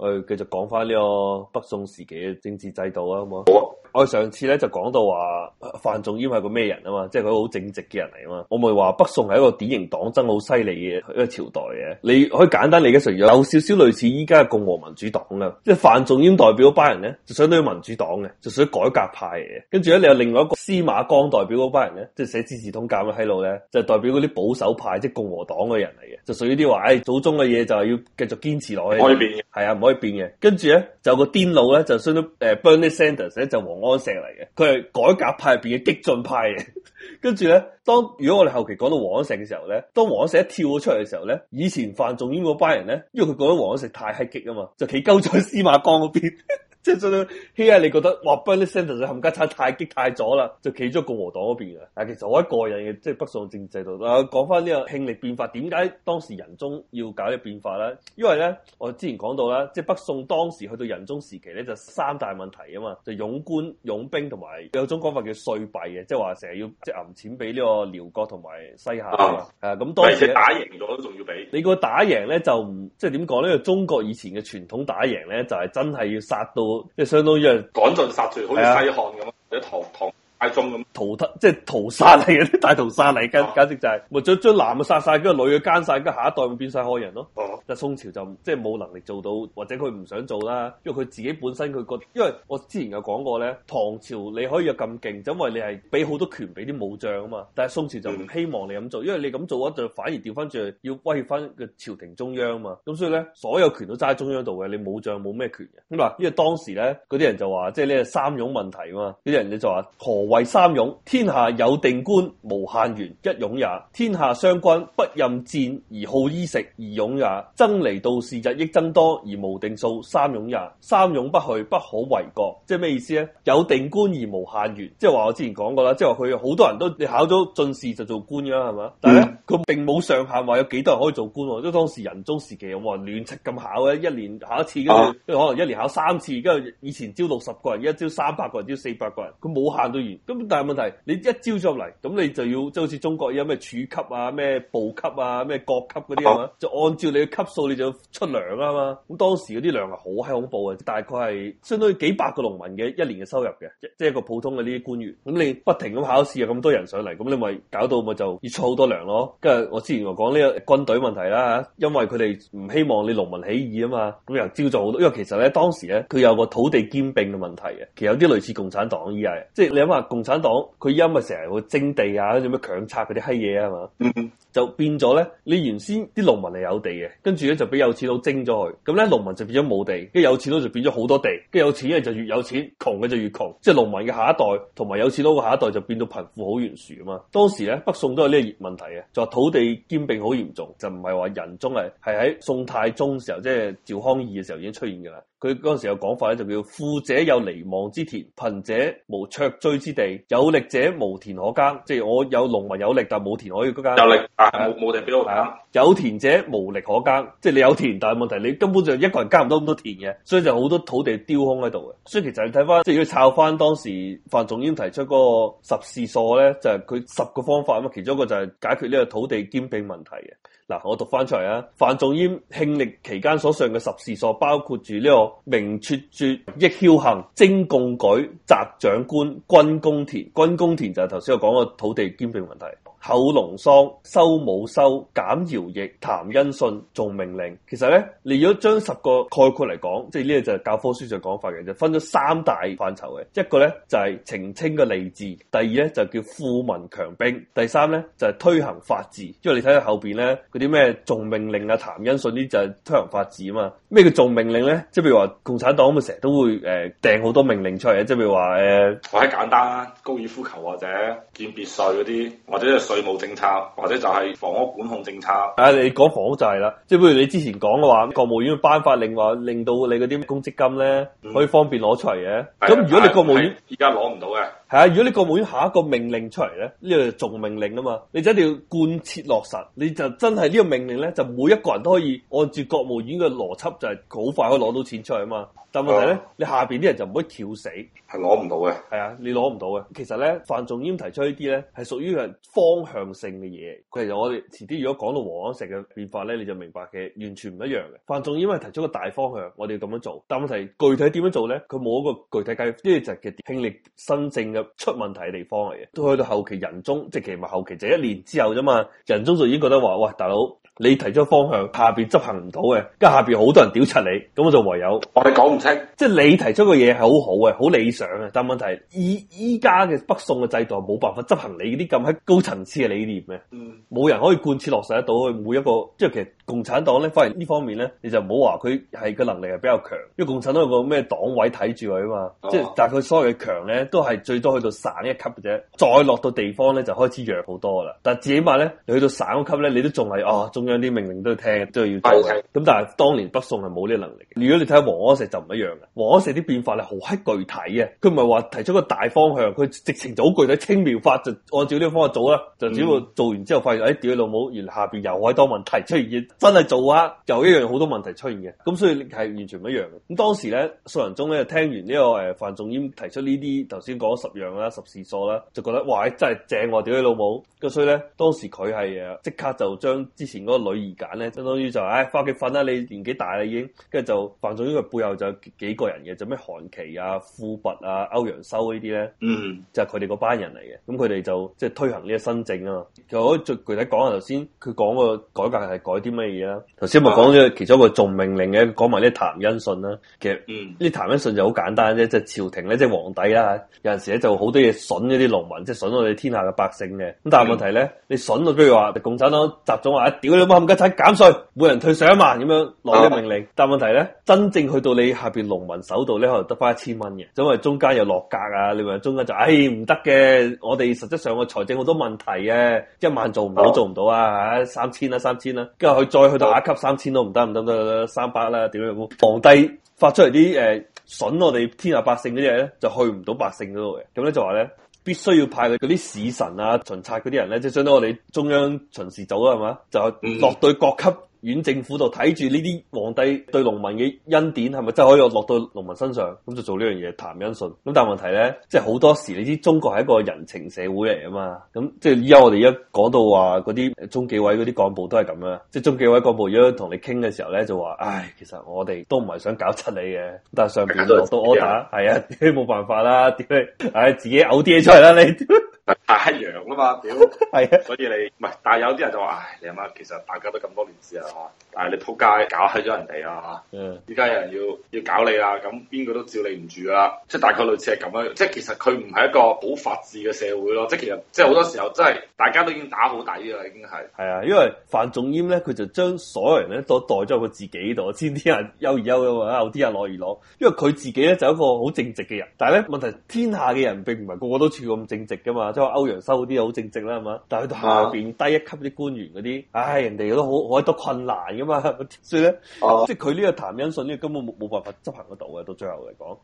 誒，我繼續講翻呢個北宋時期嘅政治制度啊，好冇？ 我哋上次咧就講到話，范仲淹係個咩人啊嘛？即係佢好正直嘅人嚟啊嘛。我咪話北宋係一個典型黨爭好犀利嘅一個朝代嘅，啊。你可以簡單理解成有少少類似依家嘅共和民主黨啦，啊。即係范仲淹代表嗰班人咧，就相當於民主黨嘅，就屬於改革派嘅。跟住咧，你有另外一個司馬光代表嗰班人咧，即係寫《資治通鑑》嘅閪佬咧，就是，代表嗰啲保守派，即係共和黨嘅人嚟嘅，就屬於啲話誒祖宗嘅嘢就係要繼續堅持落去，唔可以變嘅。係啊，唔可以變嘅。跟住咧就有個癲佬咧就相當誒 Bernie Sanders 就王安石嚟嘅，佢係改革派入邊嘅激進派嘅， 跟住咧，當如果我哋後期講到王安石嘅時候咧，當王安石一跳咗出嚟嘅時候咧，以前范仲淹嗰班人咧，因為佢覺得王安石太激啊嘛，就企鳩咗司馬光嗰邊。 即係做到，hea 你覺得哇！Burn the centre 就冚家鏟太激太咗啦，就企咗共和黨嗰邊啊！其實我一個人嘅，即係北宋政制度啊。講翻呢個慶曆變法，點解當時仁宗要搞呢個變法咧？因為咧，我之前講到啦，即係北宋當時去到仁宗時期咧，就是、三大問題啊嘛，就擁、是、官、擁兵同埋有種講法叫歲幣嘅，即係話成日要即係揞錢俾呢個遼國同埋西夏啊。係咁、啊，當時、就是、打贏咗仲要俾你個打贏咧，就唔即係點講咧？中國以前嘅傳統打贏咧，就係、是、真係要殺到。即相當於係趕盡殺絕，好似西漢咁樣一套。大宗咁，即屠即係屠殺嚟嘅，大屠殺嚟，跟，簡直就係、是，咪將將男嘅殺晒，跟個女嘅奸晒，跟下一代會變晒漢人咯。哦，就宋朝就即係冇能力做到，或者佢唔想做啦，因為佢自己本身佢覺得，因為我之前有講過咧，唐朝你可以有咁勁，就因為你係俾好多權俾啲武將啊嘛，但係宋朝就唔希望你咁做，因為你咁做就反而掉翻轉去要威脅翻個朝廷中央啊嘛，咁所以咧，所有權都揸喺中央度嘅，你武將冇咩權。咁啊，因為當時咧，嗰啲人就話，即係咧三冗問題啊嘛，嗰啲人就話為三勇，天下有定官，無限員一勇也；天下廂軍不任戰而耗衣食二勇也；僧尼道士日益增多而無定數三勇也。三勇不去，不可為國。即係咩意思咧？有定官而無限員，即係話我之前講過啦，即係話佢好多人都你考咗進士就做官噶啦，係嘛？但係咧，佢並冇上限，話有幾多人可以做官。即係當時仁宗時期，哇，亂七咁考嘅，一年考一次，跟住可能一年考三次，跟住以前招六十個人，一招三百個人，招四百個人，佢冇限到完。咁但係問題，你一招咗入嚟，咁你就要即係好似中國有咩處級啊、咩部級啊、咩國級嗰啲啊嘛，就按照你嘅級數，你就要出糧啊嘛。咁當時嗰啲糧係好閪恐怖啊，大概係相當於幾百個農民嘅一年嘅收入嘅，即係、就是、一個普通嘅呢啲官員。咁你不停咁考試，咁多人上嚟，咁你咪搞到咪就要儲好多糧咯。跟住我之前我講呢個軍隊問題啦，因為佢哋唔希望你農民起義啊嘛。咁又招咗好多，因為其實咧當時咧佢有個土地兼併嘅問題嘅，其實有啲類似共產黨依係，即係你諗吓。共產黨佢因為成日會徵地啊，嗰啲咩強拆嗰啲閪嘢啊嘛， 就變咗咧。你原先啲農民係有地嘅，跟住咧就俾有錢佬徵咗佢，咁咧農民就變咗冇地，跟有錢佬就變咗好多地，跟有錢人就越有錢，窮嘅就越窮，即係農民嘅下一代同埋有，有錢佬嘅下一代就變到貧富好懸殊啊嘛。當時咧北宋都有呢個問題嘅，就話土地兼並好嚴重，就唔係話仁宗係係喺宋太宗時候，即係趙匡義嘅時候已經出現嘅啦。佢嗰陣時有講法咧，就叫富者有彌望之田，貧者無卓錐之地，有力者無田可耕。即係我有農民有力，但冇田可以耕。有力冇冇、啊啊、地俾我下、啊。有田者無力可耕，即係你有田，但係問題你根本就一個人耕唔到咁多田嘅，所以就好多土地丟空喺度嘅。所以其實你睇翻，即係要抄翻當時范仲淹提出嗰個十事疏咧，就係、是、佢十個方法啊嘛。其中一個就係解決呢個土地兼併問題嘅。嗱、啊，我讀翻出嚟啊，范仲淹慶曆期間所上嘅十事疏，包括住呢、這個。明黜陟，抑僥幸，精貢舉，擇長官，均公田，均公田就係頭先我講個土地兼併問題。厚農桑，修武備，減徭役，譚恩信，重命令。其實咧，你如果將十個概括嚟講，即係呢個就係教科書上講法嘅，就分咗三大範疇嘅。一個咧就係、是、澄清個吏治，第二咧就叫富民強兵，第三咧就係、是、推行法治。因為你睇下後邊咧嗰啲咩重命令啊、譚恩信呢，就係推行法治啊嘛。咩叫重命令咧？即係譬如話。共產黨咪成日都會誒訂好多命令出嚟，即係譬如話誒，呃、或者簡單啦、啊，高爾夫球或者建別墅嗰啲，或者係稅務政策，或者就係房屋管控政策。啊，你講房屋就係啦，即係譬如你之前講嘅話，國務院頒發令話令到你嗰啲公積金咧、嗯、可以方便攞出嚟嘅。咁、嗯、如果你國務院而家攞唔到嘅，係啊，如果你國務院下一個命令出嚟咧，呢個係重命令啊嘛，你就一定要貫徹落實，你就真係呢個命令咧，就每一個人都可以按住國務院嘅邏輯，就係好快可以攞到錢。啊嘛，但問題咧，啊、你下邊啲人就唔可以跳死，係攞唔到嘅。係啊，你攞唔到嘅。其實咧，范仲淹提出呢啲咧，係屬於係方向性嘅嘢。其實我哋遲啲如果講到王安石嘅變化咧，你就明白嘅，完全唔一樣嘅。范仲淹係提出個大方向，我哋要咁樣做。但問題具體點樣做咧，佢冇一個具體解釋，呢啲就係慶曆新政嘅出問題地方嚟嘅。都去到後期仁宗，即係其實唔係後期，就一年之後啫嘛。仁宗就已經覺得話：喂，大佬。你提出方向，下邊執行唔到嘅，跟下邊好多人屌柒你，咁我就唯有我哋講唔清，即係你提出嘅嘢係好好嘅，好理想嘅，但問題依依家嘅北宋嘅制度係冇辦法執行你啲咁喺高層次嘅理念嘅，嗯、冇人可以貫徹落實得到去每一個，即係其實。共產黨咧反而呢方面咧，你就唔好話佢係個能力係比較強，因為共產黨有個咩黨委睇住佢啊嘛。哦、即係但係佢所謂嘅強咧，都係最多去到省一級嘅啫。再落到地方咧，就開始弱好多啦。但係至起碼咧，你去到省嗰級咧，你都仲係哦中央啲命令都要聽，都要要做。咁、嗯、但係當年北宋係冇呢個能力。如果你睇下王安石就唔一樣嘅，王安石啲變化係好閪具體嘅，佢唔係話提出個大方向，佢直情就好具體清，青苗法就按照呢個方法做啦。就只要做完之後發現，嗯、哎屌你老母，原來下邊又可以多問題出現。真係做啊，又一樣好多問題出現嘅，咁所以係完全唔一樣嘅。咁當時咧，宋仁宗咧聽完呢、呢個誒范仲淹提出呢啲頭先講十樣啦、十事疏啦，就覺得哇，欸、真係正喎、啊！屌你老母，咁所以咧當時佢係誒即刻就將之前嗰個女兒揀咧，相當於就誒返屋企瞓啦，你年紀大啦已經，跟住就范仲淹嘅背後就有幾個人嘅，就咩韓琦啊、富弼啊、歐陽修呢啲咧、嗯？就係佢哋嗰班人嚟嘅。咁佢哋就即係推行呢個新政啊嘛。其實我可具體講下頭先佢講個改革係改啲咩？啦，頭先我講咗其中一個重命令嘅，講埋呢覃恩信啦。其實呢覃恩信就好簡單啫，即係朝廷咧，即係皇帝啦，有陣時咧就好多嘢損一啲農民，即係損我哋天下嘅百姓嘅。咁但係問題咧，嗯、你損啊，譬如話共產黨集中話屌你媽冚家鏟減稅，每人退上一萬咁樣，落啲命令。哦、但係問題咧，真正去到你下邊農民手度咧，可能得翻一千蚊嘅，因為中間有落格啊。你話中間就唉唔得嘅，我哋實質上個財政好多問題啊，一萬做唔、哦、到，做唔到啊，三千啦，三千啦，跟住去再去 到下一級，三千都唔得。唔得，得得得三百啦。點樣？皇帝發出嚟啲誒，損、呃，我哋天下百姓啲嘢咧，就去唔到百姓嗰度嘅。咁咧就話咧，必須要派佢嗰啲使臣、啊巡查嗰啲人咧，即係相當我哋中央巡視組啦，係嘛，就落對各級。縣政府度睇住呢啲皇帝對農民嘅恩典係咪真係可以落到農民身上？咁就做呢樣嘢談恩信。咁但係問題咧，即係好多時你知中國係一個人情社會嚟啊嘛，咁即係而家我哋而家講到話嗰啲中紀委嗰啲幹部都係咁啦。即係中紀委幹部如果同你傾嘅時候咧，就話，唉，其實我哋都唔係想搞柒你嘅，但係上邊落到 order 係啊，都冇辦法啦，點去唉，自己嘔啲嘢出嚟啦你。 大黑羊啦嘛，屌，係啊，所以你唔係，但係有啲人就話，唉，你阿媽其實大家都咁多年知啦，係但係你撲街搞起咗人哋啊，吓，而家有人要要搞你啦，咁邊個都照你唔住啦，即係大概類似係咁樣，即係其實佢唔係一個好法治嘅社會咯，即係其實即係好多時候，真係大家都已經打好底噶啦，已經係，係啊，因為范仲淹咧，佢就將所有人咧都代咗喺佢自己度，先啲人憂而憂，有啲人樂而樂，因為佢自己咧就一個好正直嘅人，但係咧問題天下嘅人並唔係個個都似佢咁正直噶嘛。歐陽修嗰啲好正直啦，係嘛？但係佢下邊低一級啲官員嗰啲，唉，人哋都好，好多困難噶嘛，所以咧，即係佢呢個覃恩信呢，啊、呢個根本冇冇辦法執行得到嘅，到最後嚟講。